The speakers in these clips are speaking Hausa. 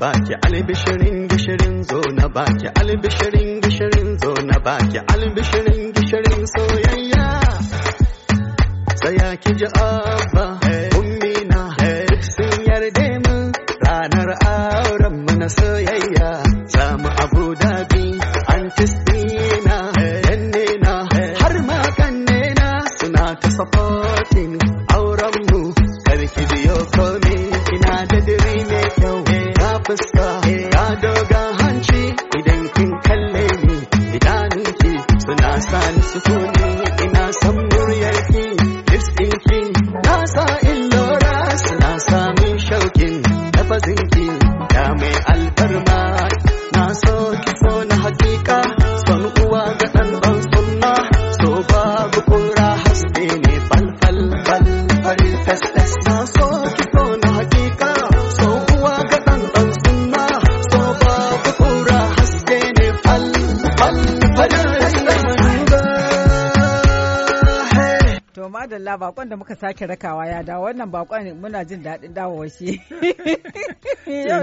baki Ali Beşir'in Beşir'in zona baki Ali Beşir'in Beşir'in zona baki Ali Beşir'in Beşir'in soyayya Sayaki Abba Ummina Duk sun yarda mu ranar auren mu na soyayya I'm sorry. bakon da muka sake rakawa ya dawo wannan bakon muna jin daɗin dawowar shi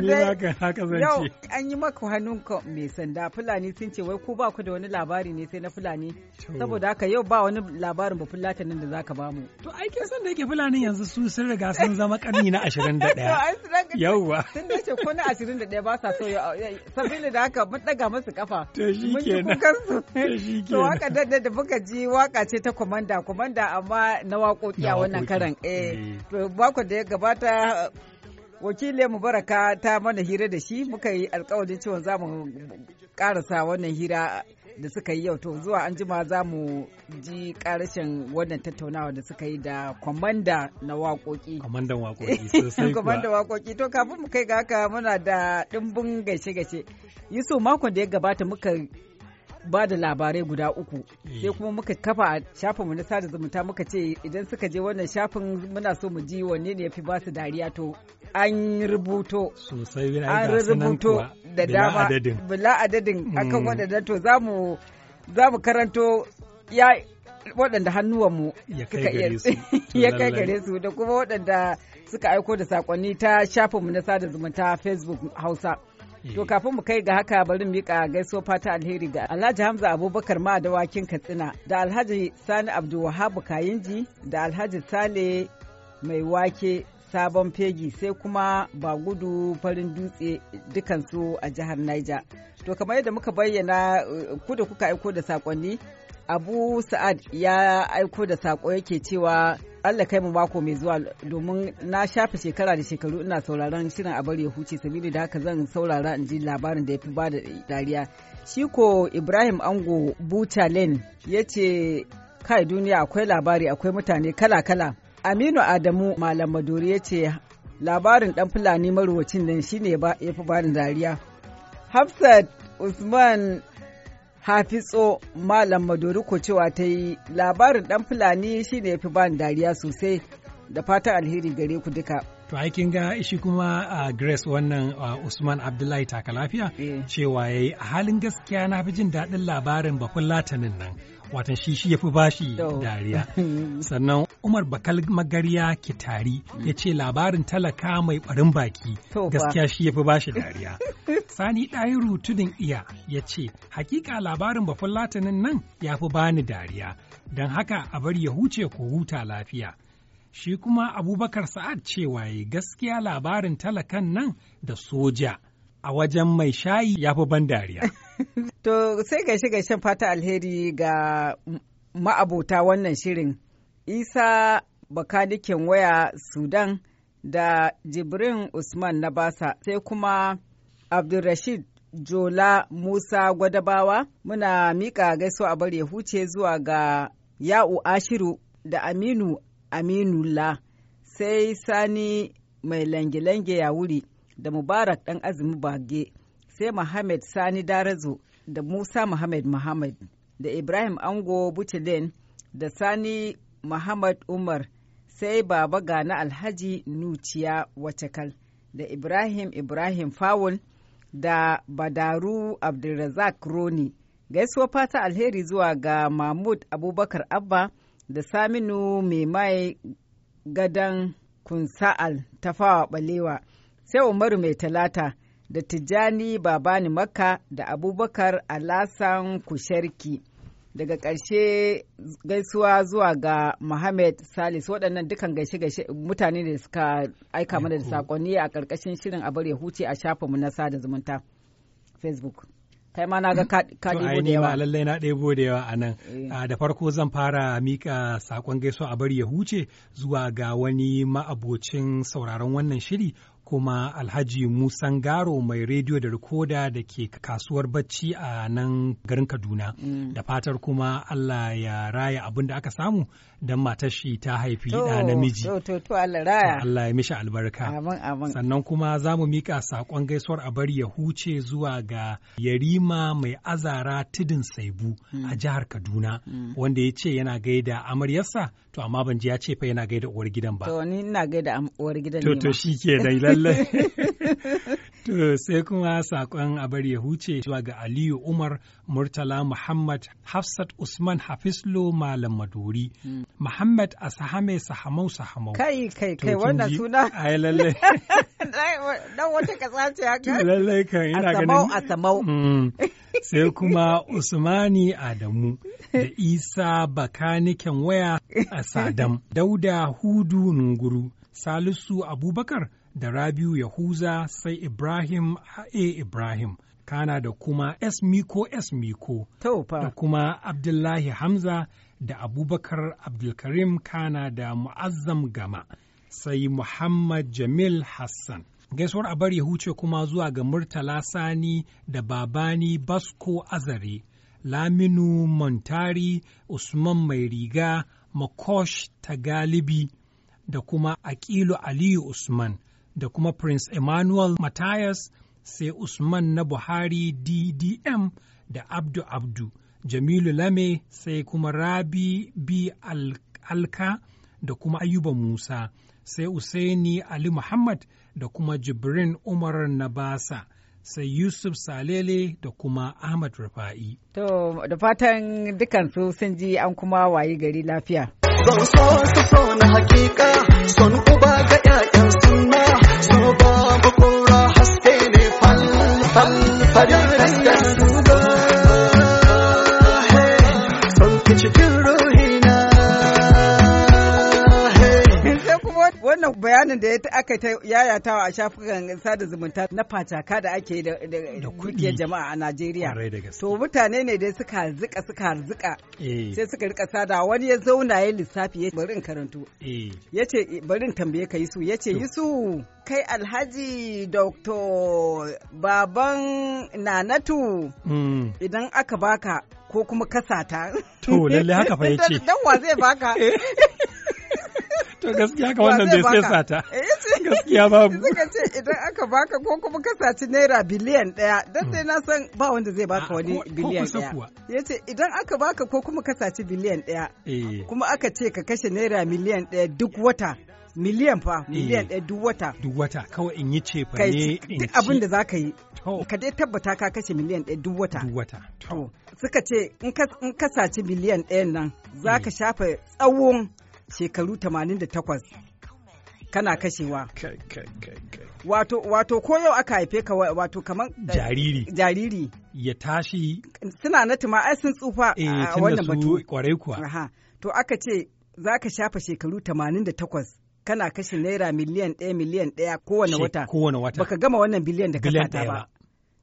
yau an yi maka hannun ka mai sanda fulani sun ce wai ku ba ku da wani labari ne sai na fulani saboda haka yau ba wani labarin ba Fulatan nan da za ba mu to ai kin san da yake fulani yanzu su sun riga sun zama karni na 21 yauwa tun da ce ko na 21 ba sa so sabili da haka mun daga musu kafa to shikenan to haka da da muka ji waka ce ta komanda komanda amma na waƙoƙi a wannan karan eh bako mm. da ya gabata wakilin mubaraka ta mana hira da shi muka yi alkawarin cewa za mu karasa wannan hira da suka yi yau to zuwa an jima za mu ji karashin wannan tattaunawa da suka yi da kwamanda na waƙoƙi. Kwamandan waƙoƙi eh, sosai Kwamandan waƙoƙi to kafin mu kai ga haka muna da dimbin gaishe-gaishe. Yusuf makon da ya gabata muka ba da labarai guda uku eh. sai kuma muka kafa a shafin mu na sada zumunta muka ce idan suka je wannan shafin muna so mu ji wanne ne ya fi ba su dariya to an rubuto sosai an rubuto da dama bila adadin hmm. akan wadanda to za mu za mu karanto ya waɗanda hannuwanmu ya kai gare su da kuma waɗanda suka aiko da saƙonni ta shafinmu na sada zumunta facebook hausa To kafin mu kai ga haka bari mu mika gaiso fata alheri ga Alhaji Hamza Abubakar ma da wakin Katsina da Alhaji Sani Abdulwahab Kayinji da Alhaji Sale mai wake sabon fegi sai kuma ba gudu farin dutse dukansu a jihar Niger. To kamar yadda muka bayyana eh, ku da kuka aiko da sakonni abu sa'ad ya aiko da sako yake cewa Allah kai mu mako mai zuwa domin na shafe shekara da shekaru ina sauraron shirin abar ya huce sabili da haka zan saurara in ji labarin da ya fi ba da dariya shi ko ibrahim ango butalen ya ce kai duniya akwai labari akwai mutane kala-kala aminu adamu malam maduri ya ce labarin dan fulani marowacin nan shine ya fi ba da dariya hafsat usman hafizo malam madoriko cewa ta yi labarin dan fulani shine ya fi ban dariya sosai da fatan alheri gare ku duka to aikin ga shi kuma a grace wannan usman abdullahi taka lafiya eh. cewa yayi a halin gaskiya na fi jin daɗin labarin bakun latanin nan watan shi shi ya fi bashi dariya sannan Umar Bakal Magarya Kitari ya ce labarin talaka mai barin baki gaskiya shi ya yafi bashi dariya. Sani ɗayi Tudun Iya ya ce hakika labarin bafin latinin nan ya fi bani dariya don haka a bari ya huce ko huta lafiya. Shi kuma Abubakar Sa'ad cewa ya gaskiya labarin talakan nan da soja. a wajen mai shayi ya fi ban dariya. to sai gaishe gaishen fata alheri ga ma'abota wannan shirin isa bakadikin waya sudan da jibrin usman na basa sai kuma abdulrashid jola musa gwadabawa muna miƙa gaisuwa a bari huce zuwa ga ya'u ashiru da aminu Aminu La. sai sani mai lange-lange ya wuri da mubarak ɗan azumi bage sai Muhammad Sani Darazo da Musa Muhammad Muhammad da Ibrahim Ango butilin da Sani Muhammad Umar sai baba gana Alhaji Nuciya Wacakal da Ibrahim Ibrahim Fawul da Badaru Abdulrazak Roni. Gaisuwa fata alheri zuwa ga Mahmud Abubakar Abba da Saminu Maimai Gadan Kunsa'al Tafawa Balewa sai Umaru Mai Talata da Tijjani Babani Makka da Abubakar Alasan Kusharki. daga karshe gaisuwa zuwa ga Mohammed Salis waɗannan dukan gaishe-gaishe mutane da suka aika mana da sakonni a ƙarƙashin shirin a bari huce a shafinmu na sada zumunta Facebook. kai ma na ga ka da yawa. lallai na ɗebo da yawa a nan. Eh. Ah, da farko zan fara mika sakon gaisuwa a bari ya huce zuwa ga wani ma'abocin sauraron wannan shiri kuma Alhaji Musan Garo mai rediyo da rikoda da ke kasuwar bacci a nan garin Kaduna. Mm. Da fatar kuma Allah ya raya abin da aka samu don matar shi ta haifi ɗa namiji. To, to, Allah ya mishi albarka. Amin, amin. Sannan kuma za mu mika saƙon gaisuwar a bari ya huce zuwa ga Yarima mai azara tudun Saibu mm. a jihar Kaduna. Mm. Wanda ya ce yana gaida amaryarsa to amma ban ji ya ce fa yana gaida uwar gidan ba. To, ni ina gaida uwar gidan ne. To, to, shi ke da lallai to sai kuma sakon a bari ya huce zuwa ga Aliyu Umar Murtala Muhammad Hafsat Usman Hafislo Malam Maduri hmm. Muhammad Asahame Sahamau Sahamau kai kai kai wannan suna ai lallai dan wata kasa ce haka lallai kan ina ganin Asamau hmm. sai kuma Usmani Adamu da Isa Bakaniken waya a Sadam Dauda Hudu Nunguru Salisu Abubakar da Rabiu Yahuza sai Ibrahim A. Ibrahim. Kana da kuma S. Miko S. Miko. Da kuma Abdullahi Hamza da Abubakar Abdulkarim Kana da Mu'azzam Gama. Sai Muhammad Jamil Hassan. Gaisuwar a bari huce kuma zuwa ga Murtala Sani da Babani Basko Azare. Laminu Montari Usman Mai Riga Makosh Tagalibi da kuma Akilu Aliyu Usman. da kuma Prince Emmanuel Matthias sai Usman na Buhari DDM da Abdu Abdu, Jamilu Lame sai kuma Rabi B. Alka da kuma Ayuba Musa, sai Usaini Ali Muhammad da kuma Jibrin Umar Nabasa. sai Yusuf Salele da kuma Ahmad Rufa'i. To, da fatan dukansu sun ji an kuma wayi gari lafiya. Ban so su so na hakika, son uba ga 'ya'yan sun صبابك وراح استيني فل فل فريق bayanin da aka ta yayatawa a shafukan sada zumunta na fataka da ake da kudi jama'a a Najeriya. To mutane ne da suka zika suka zika eh. sai suka rika sada wani ya zauna ya lissafi ya bari in eh. Yace eh, bari in tambaye ka Yusu ya ce Yusu kai alhaji Dr. Baban Nanatu mm. idan aka baka ko kuma kasata. To lalle haka fa yace. Dan wa zai baka? To gaskiya eh, ka wannan da sai sata. Gaskiya babu. Suka ce idan aka baka ko kuma ka saci naira biliyan ɗaya dan sai na san ba wanda zai baka ah, wani biliyan ɗaya. Ya ce idan aka baka ko kuma ka saci biliyan ɗaya. Eh. Kuma aka ce ka kashe naira miliyan ɗaya duk wata. miliyan fa eh. miliyan ɗaya duk wata duk wata kawai in yi ce fa ne in ci abin da ka yi ka dai tabbata ka kashe miliyan ɗaya duk wata duk wata to suka ce in ka saci miliyan ɗayan nan za ka shafa tsawon shekaru 88 kana kashewa. Wato, wato ko yau aka haife ka wato kamar eh, jariri. Jariri. Ya tashi. Suna na tuma ai sun tsufa eh, a wannan batu. kwarai kuwa. To aka ce za ka shafa shekaru 88 kana kashe naira miliyan ɗaya miliyan ɗaya kowane wata. Kowane wata. Baka gama wannan biliyan da ka ba.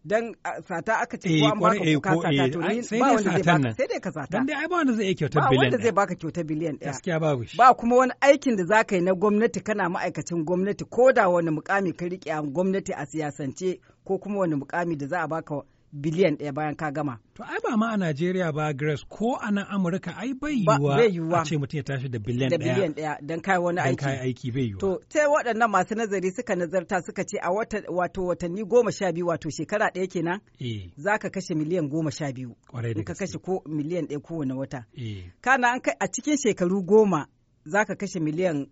dan sata aka ce eh, ko an baka eh, ko ka sata eh, to ni ba wanda zai baka sai dai ka sata dan dai ai ba wanda zai kyauta biliyan ba wanda zai baka kyauta biliyan ɗaya gaskiya babu shi ba kuma wani aikin da zaka yi na gwamnati kana ma'aikacin gwamnati ko da wani mukami ka rike a gwamnati a siyasance ko kuma wani mukami da za a baka biliyan ɗaya bayan ka gama. To ai ba ma a Najeriya ba Grace ko a nan Amurka ai bai yiwuwa a ce mutum ya tashi da biliyan ɗaya. Da biliyan ɗaya don kai wani aiki. Don kai aiki bai yiwuwa. To sai waɗannan masu nazari suka nazarta suka ce a wata wato watanni goma sha biyu wato shekara ɗaya kenan. Eh. Za ka kashe miliyan goma sha biyu. Kwarai da ka kashe ko miliyan ɗaya kowane wata. Eh. Kana an kai a cikin shekaru goma za ka kashe miliyan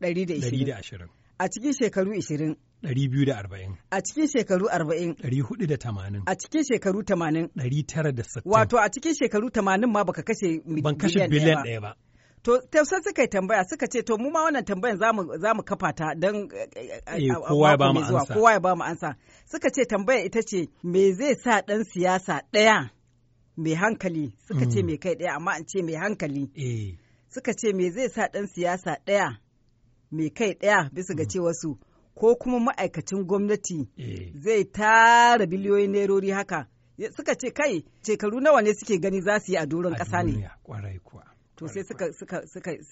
ɗari da ashirin. A cikin shekaru ashirin. 240. A cikin shekaru 40. 480. A cikin shekaru 80. 960. Wato a cikin shekaru 80 ma baka kashe biliyan Ban kashe biliyan ɗaya ba. To, tausan suka yi tambaya suka ce, to, mu ma wannan tambayan za mu kafa ta don eh, eh, eh, kowa ya ba mu ansa. Suka ce tambaya ita ce, me zai sa ɗan siyasa ɗaya mai hankali, suka ce mai mm. kai ɗaya, amma an ce mai hankali. Suka ce me zai sa ɗan siyasa ɗaya mai kai ɗaya bisa ga mm. cewa su. ko kuma ma'aikacin gwamnati eh. zai tara biliyoyin nerori haka suka ce kai shekaru nawa ne suke gani za su yi a doron ƙasa ne to sai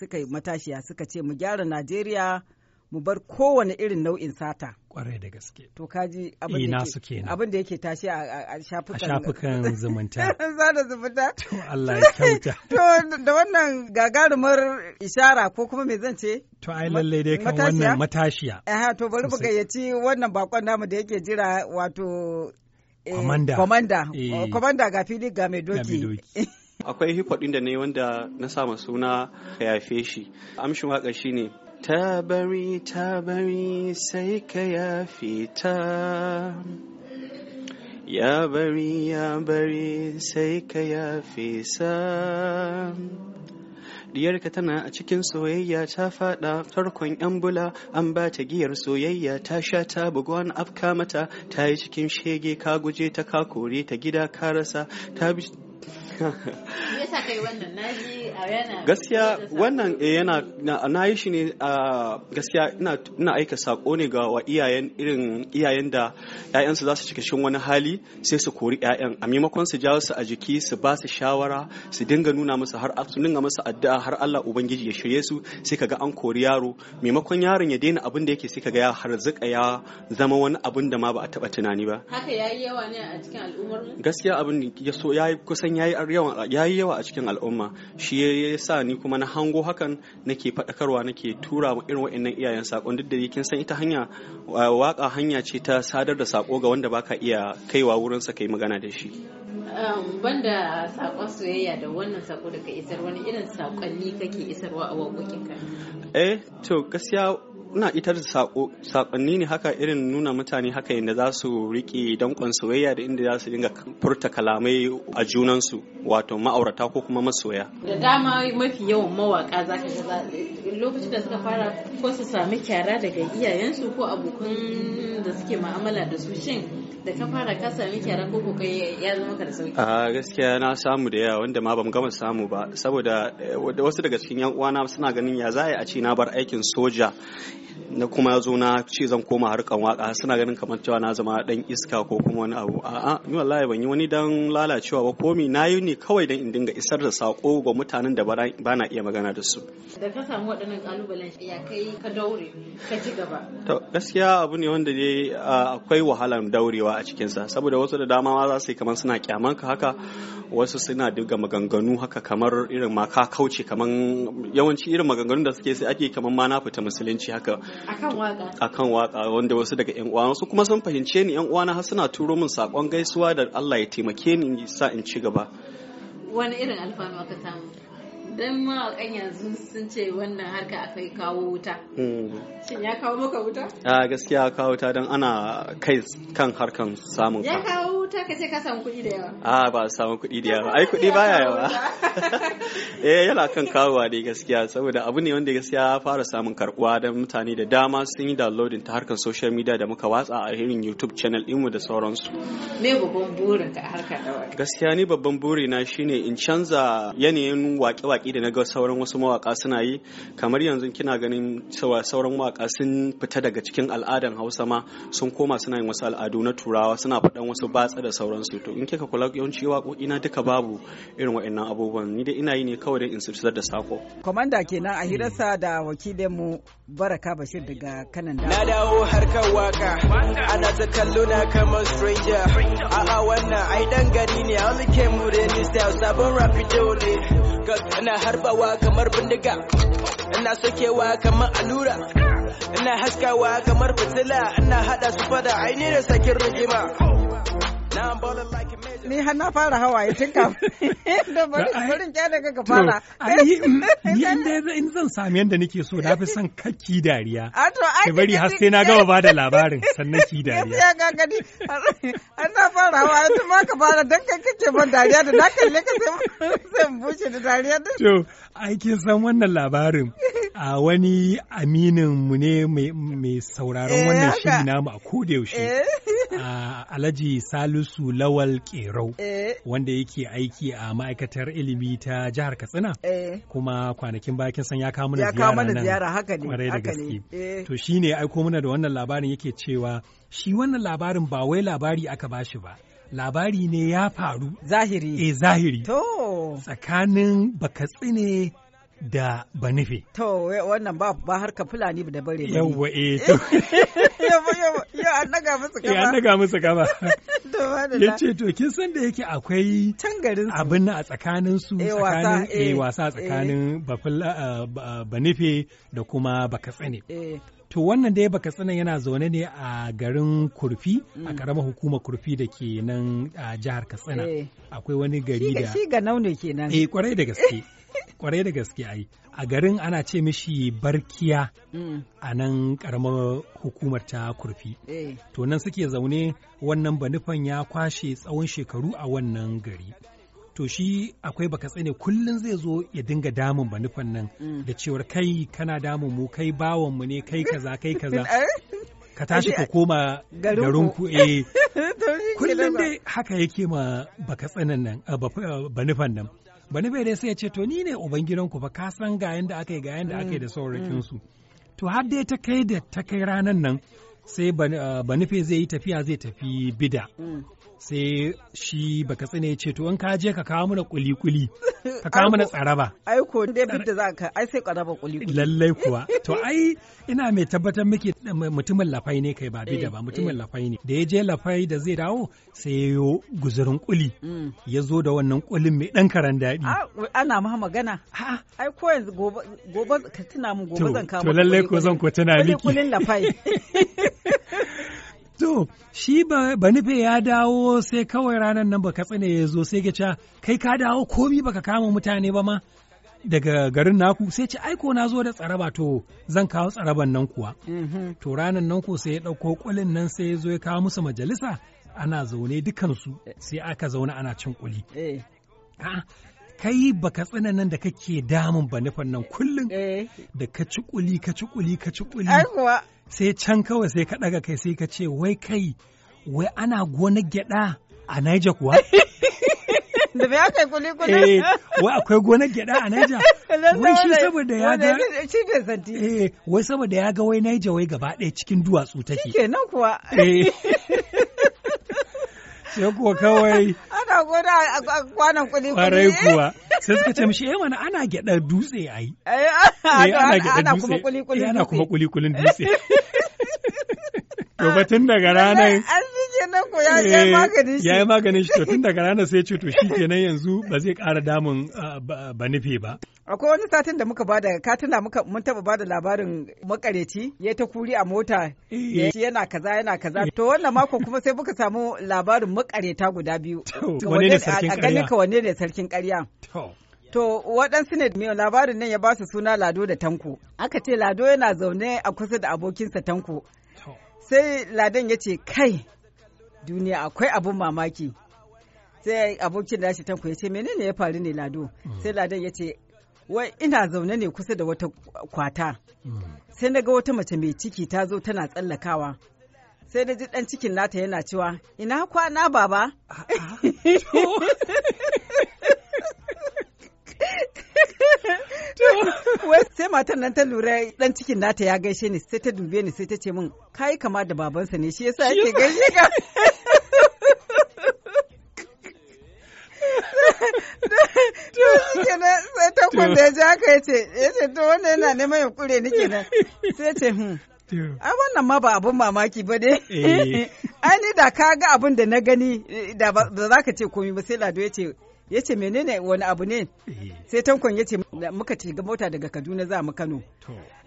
suka yi matashiya suka ce mu gyara Najeriya mu bar kowane irin nau'in sata kwarai da gaske to kaji eh, abin da yake tashi a shafukan zumunta sada zumunta to Allah ya kyauta to da wannan gagarumar ishara ko kuma me zan ce to ai lallai dai kan wannan matashiya eh to bari mu gayyaci wannan bakon namu da yake jira wato Komanda. Eh, Komanda. Komanda eh. ga fili ga mai doki. Akwai hip hop din da ne wanda na sama suna yafe shi. Amshin shi ne. ta bari ta bari sai ka yafe ta ya bari ya bari sai ka yafe sa diyarka tana a cikin soyayya ta fada farkon yan bula an ba ta giyar soyayya ta sha ta bugu wani afka mata ta yi cikin shege ka guje ta ka kore ta gida ka rasa yasa wannan eh, yana gaskiya wannan yana na yi shi ne a gaskiya ina aika sako ne ga wa iyayen irin iyayen da ƴaƴansu za su shiga cikin wani hali sai su kori ƴaƴan a maimakon su jawo su a jiki su ba su shawara su dinga nuna musu har su dinga musu addu'a har Allah ubangiji ya shirye su sai kaga an kori yaro maimakon yaron ya daina abin da yake sai kaga ya harzuka ya zama wani abin da ma ba a taba tunani ba haka yayi yawa ne a cikin al'ummar gaskiya abin ya so yayi kusan yayi yawan yayi yawa a cikin al'umma shi ya sa ni kuma na hango hakan nake faɗakarwa nake tura ma irin wa'annan iyayen saƙon. duk da kin san ita hanya waka hanya ce ta sadar da saƙo ga wanda baka iya kaiwa wurin sa kai magana da shi banda saƙon soyayya da wannan saƙo da ka isar wani irin saƙonni kake isarwa a waƙoƙinka eh to gaskiya ina itar da sakonni ne haka irin nuna mutane haka yadda za su riƙe danƙon soyayya da inda za su dinga furta kalamai a junansu wato ma'aurata ko kuma masoya da dama mafi yawan mawaka za ka lokacin da suka fara ko su sami kyara daga iyayensu ko abokan da suke ma'amala da su shin da ka fara ka sami kyara ko ko kai ya zama ka da sauki a gaskiya na samu da yawa wanda ma bamu gama samu ba saboda eh, wasu daga cikin yan uwana suna ganin ya za a ci na bar aikin soja na kuma ya zo na ce zan koma harkan waka suna ganin kamar cewa na zama dan iska ko kuma wani abu a'a ni wallahi ban yi wani dan lalacewa ba komi na yi ne kawai dan in dinga isar da sako ga mutanen da bana iya magana da su da ka samu waɗannan kalubalen ya kai ka daure ka ci gaba to gaskiya abu ne wanda dai akwai wahalan daurewa a cikin sa saboda wasu da dama ma za su yi kamar suna kyaman ka haka wasu suna dinga maganganu haka kamar irin ma ka kauce kamar yawanci irin maganganun da suke sai ake kamar ma na fita musulunci haka akan waka akan waka wanda wasu daga yan uwa su kuma sun fahimce ni yan uwana har suna turo min sakon gaisuwa da Allah ya taimake ni sa in ci gaba wani irin alfanu aka samu dan kan yanzu sun ce wannan harka akai kawo wuta hmm. shin ya kawo maka wuta a gaskiya kawo wuta don ana kai kan harkan samun ka ya kawo huta ka je ka samu kuɗi da yawa ah, a ba samu kuɗi da yawa ai kuɗi baya yawa eh yana kan kawowa dai gaskiya saboda abu ne wanda gaskiya ya fara samun karbuwa da mutane da dama sun yi downloading ta harkar social media da muka watsa a irin YouTube channel mu da sauransu me babban burin ka harkar da gaskiya ni babban buri na shine in canza yanayin waƙe-waƙe da na ga sauran wasu mawaƙa suna yi kamar yanzu kina ganin cewa sauran mawaƙa sun fita daga cikin al'adan Hausa ma sun koma suna yin wasu al'adu na Turawa suna faɗan wasu batsa watsa da sauransu to in kika kula yawanci waƙoƙi na duka babu irin wa'annan abubuwan ni dai ina yi ne kawai dai in sirtar da sako komanda kenan a hirarsa da wakilin mu baraka bashir daga kanan na dawo harkar waka ana ta na kamar stranger a'a wannan ai dan gari ne an muke mu ni style sabon rapid dole ina harbawa kamar bindiga ina sokewa kamar allura ina haskawa kamar fitila ina hada su fada aini da sakin rigima Ni har na fara hawaye tun kafin da barin kya daga ka fara. Ni in zan sami yadda nake so na fi son kaki dariya. ka bari har sai na gaba bada labarin sannan ki dariya. Ya ga gadi har na fara hawaye tun ma ka fara dan kai kake ban dariya da na kalle ka sai bushe da dariya. To aikin san wannan labarin a wani aminin mu ne mai sauraron eh, wannan shiri namu a yaushe eh. a alhaji salisu lawal kerau eh. wanda yake aiki a ma'aikatar ilimi ta jihar katsina kuma kwanakin bakin san ya kawo mana ziyara nan kwarai da gaske to shine aiko mana da wannan labarin yake cewa shi wannan labarin ba wai labari aka bashi ba labari ne ya faru zahiri eh zahiri to tsakanin ne da ba To, wannan ba ba harka Fulani da bare ne Yawwa eh to. Yau an daga musu gaba. Eh, an daga musu kama. Ya ce to kin san da yake akwai tangarin abin na a tsakanin su tsakanin eh, wasa tsakanin eh, ba banife da kuma baka eh To wannan dai baka tsanan yana zaune ne a garin Kurfi a karamar mm. hukumar Kurfi da ke nan a jihar Katsina. Eh. Akwai wani gari da shi ga naune kenan. Eh kwarai da gaske. Kwarai da gaske ai. A garin ana ce mishi Barkiya mm. a nan karamar hukumar ta Kurfi. Eh. To nan suke zaune wannan banufan ya kwashe tsawon shekaru a wannan gari. to shi akwai baka tsane kullum zai zo ya dinga damun ba nufan nan mm. da cewar kai kana damun mu kai bawan mu ne kai kaza kai kaza eh? ka tashi ka koma garin ku eh kullum dai haka yake ma baka tsanan nan ba nufan nan ba nufan dai sai ya ce to ni ne ubangidanku ba ka san ga yanda aka yi ga yanda aka yi da mm, saurakin su mm. to har dai ta kai da ta kai ranan nan sai ba nufe zai yi tafiya zai tafi bida sai shi baka tsine ce to in ka je ka kawo mana kuli kuli ka kawo mana tsaraba ai ko dai bidda da zaka ai sai kwaraba kuli kuli lallai kuwa to ai ina mai tabbatar miki mutumin lafai ne kai ba da ba eh, mutumin eh. lafai ne da ya je lafai da zai dawo sai ya yo guzurin kuli mm. ya zo da wannan kulin mai dan karan daɗi ah, ana ma magana ai ko yanzu gobe gobe ka tuna mu gobe zan kawo to lallai ko zan ko tuna miki kulin lafai To, shi ba nufe ya dawo sai kawai ranar nan ba katsina ya zo sai ga kai ka dawo komi baka kama mutane ba ma daga garin naku sai ci aiko na zo da tsaraba to zan kawo tsaraban nan kuwa. Mm-hmm. To ranar nan ko sai ya ɗauko kulin nan sai ya zo ya kawo musu majalisa ana zaune dukansu sai aka zaune ana cin kuli. Eh. kai baka tsina nan da kake damun ba nufan nan kullum eh. da ka ci kuli ka ci kuli ka ci kuli sai can kawai sai ka ɗaga kai sai ka ce wai kai wai ana gona gyaɗa a Niger kuwa. Da me aka kuli-kuli? Eh, wai akwai gona gyaɗa a Niger? Wai shi saboda ya ga... Shi santi. Eh, wai saboda ya ga wai Niger wai gaba ɗaya cikin duwatsu take. kenan kuwa. Eh. sai kuwa kawai ana gwada a kwanan kuli kwarai kuwa sai suka ce mishi eh wani ana gyada dutse ai eh, ana eh, gyada dutse ana kuma kuli kulin dutse eh, to batun daga ranar ko ya yi eh, maganin shi. Ya maganin shi to tun daga ranar sai ce to shi nan yanzu ba zai ƙara damun ba nufi ba. Akwai wani satin da muka bada katina muka mun taba bada labarin makareci ya ta kuri a mota eh. yana kaza yana kaza to wannan mako kuma sai muka samu labarin makareta guda biyu. Wane ne sarkin ƙarya? A ganin ka wane ne sarkin ƙarya? To waɗansu ne mai labarin nan ya ba su suna Lado da Tanko. Aka ce Lado yana zaune a kusa da abokinsa Tanko. Sai Ladan ya ce kai duniya akwai abun mamaki sai abokin da shi tanko ya ce menene ya faru ne lado mm. sai ladan ya ce wai ina zaune ne kusa da wata kwata mm. sai na ga wata mace mai ciki ta zo tana tsallakawa sai na ji dan cikin nata yana cewa ina kwana baba ah, ah. wai sai matar nan ta lura dan cikin nata ya gaishe ni sai ta dube ni sai ta ce min kai kama da babansa ne shi yasa yake gaishe ka sai ta kwanta ya ji haka ya ce ya ce to wannan yana neman ya kure ni kenan sai ce hmm ai wannan ma ba abun mamaki ba ne eh. ai ni da ka ga abin da na gani da ba za ka ce komi ba sai lado ya ce ya ce menene wani abu ne eh. sai tankon ya ce muka shiga mota daga kaduna za mu kano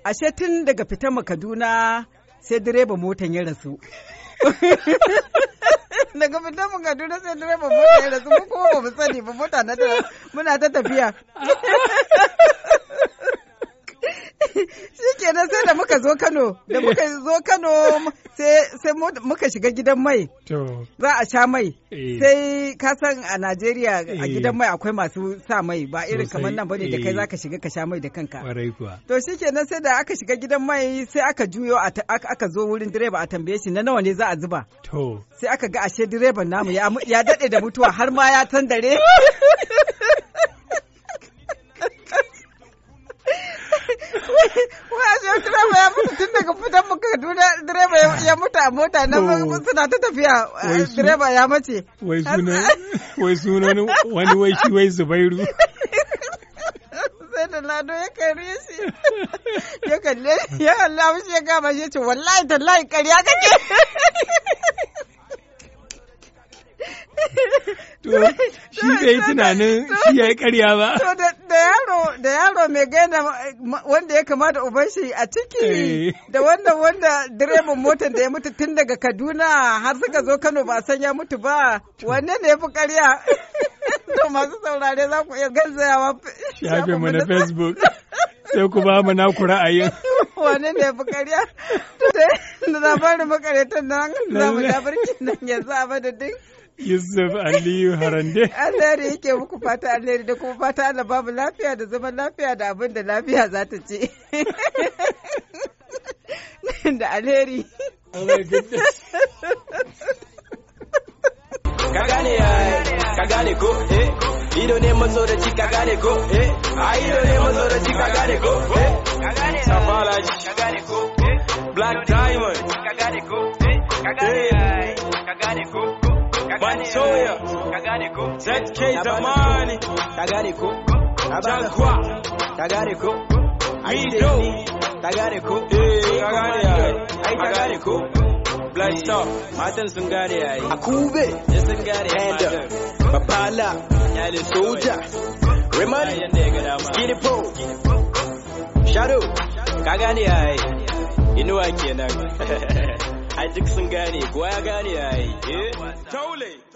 ashe tun daga fita mu kaduna sai direba motan ya rasu daga fita mu kaduna sai direba motan ya rasu mu kuma ba mu sani ba mota na muna ta tafiya shikenan sai da muka zo Kano da muka zo Kano sai muka shiga gidan mai za a sha mai eh. sai ka san a Najeriya a eh. gidan mai akwai masu sa mai ba irin kamar nan bane da kai eh. za ka shiga ka sha mai da kanka to shikenan sai da aka shiga gidan mai sai aka juyo aka zo wurin direba a tambaye shi na nawa ne za a zuba sai aka ga ashe direban namu ya dade da mutuwa har ma ya tandare direba ya mutu tun daga fitan mu Kaduna direba ya mutu a mota na suna ta tafiya eh, direba ya mace. Wai suna wai suna wani wai shi wai Zubairu. Sai da lado ya kare shi. Ya kalle ya Allah ya gama shi ce wallahi tallahi ƙarya kake. to shi bai tunanin shi ya yi karya ba. To da yaro mai gaina wanda ya kamata uban shi a ciki eh. da wanda wanda direban motar da ya mutu tun daga Kaduna har suka zo Kano ba san ya mutu ba wanne ne ya fi karya. To masu saurare za ku iya gazayawa. Shafin mu na Facebook. Sai ku ba mu naku ra'ayin. Wane ne ya fi karya? Da labarin makarantar nan za mu dabarci nan yanzu a madadin. Yusuf Aliyu Harande. Alheri yake muku fata alheri da kuma fata Allah babu lafiya da zaman lafiya da abin da lafiya za ta ce. Da alheri. Ka gane ka gane ko eh ido ne maso mazoraci ka gane ko eh a ido ne mazoraci ka gane ko eh ka gane ka gane ko eh black diamond ka gane ko eh ka gane ka gane ko eh? Soya, ka gane ko ZK Zamani ka gane ko Jaguar ka Mido Black Star matan sun Akube Babala soja Remani Skinny Poe Shadow ka Inuwa kenan ai duk sun gane kowa ya gane ya yi. Eh? taule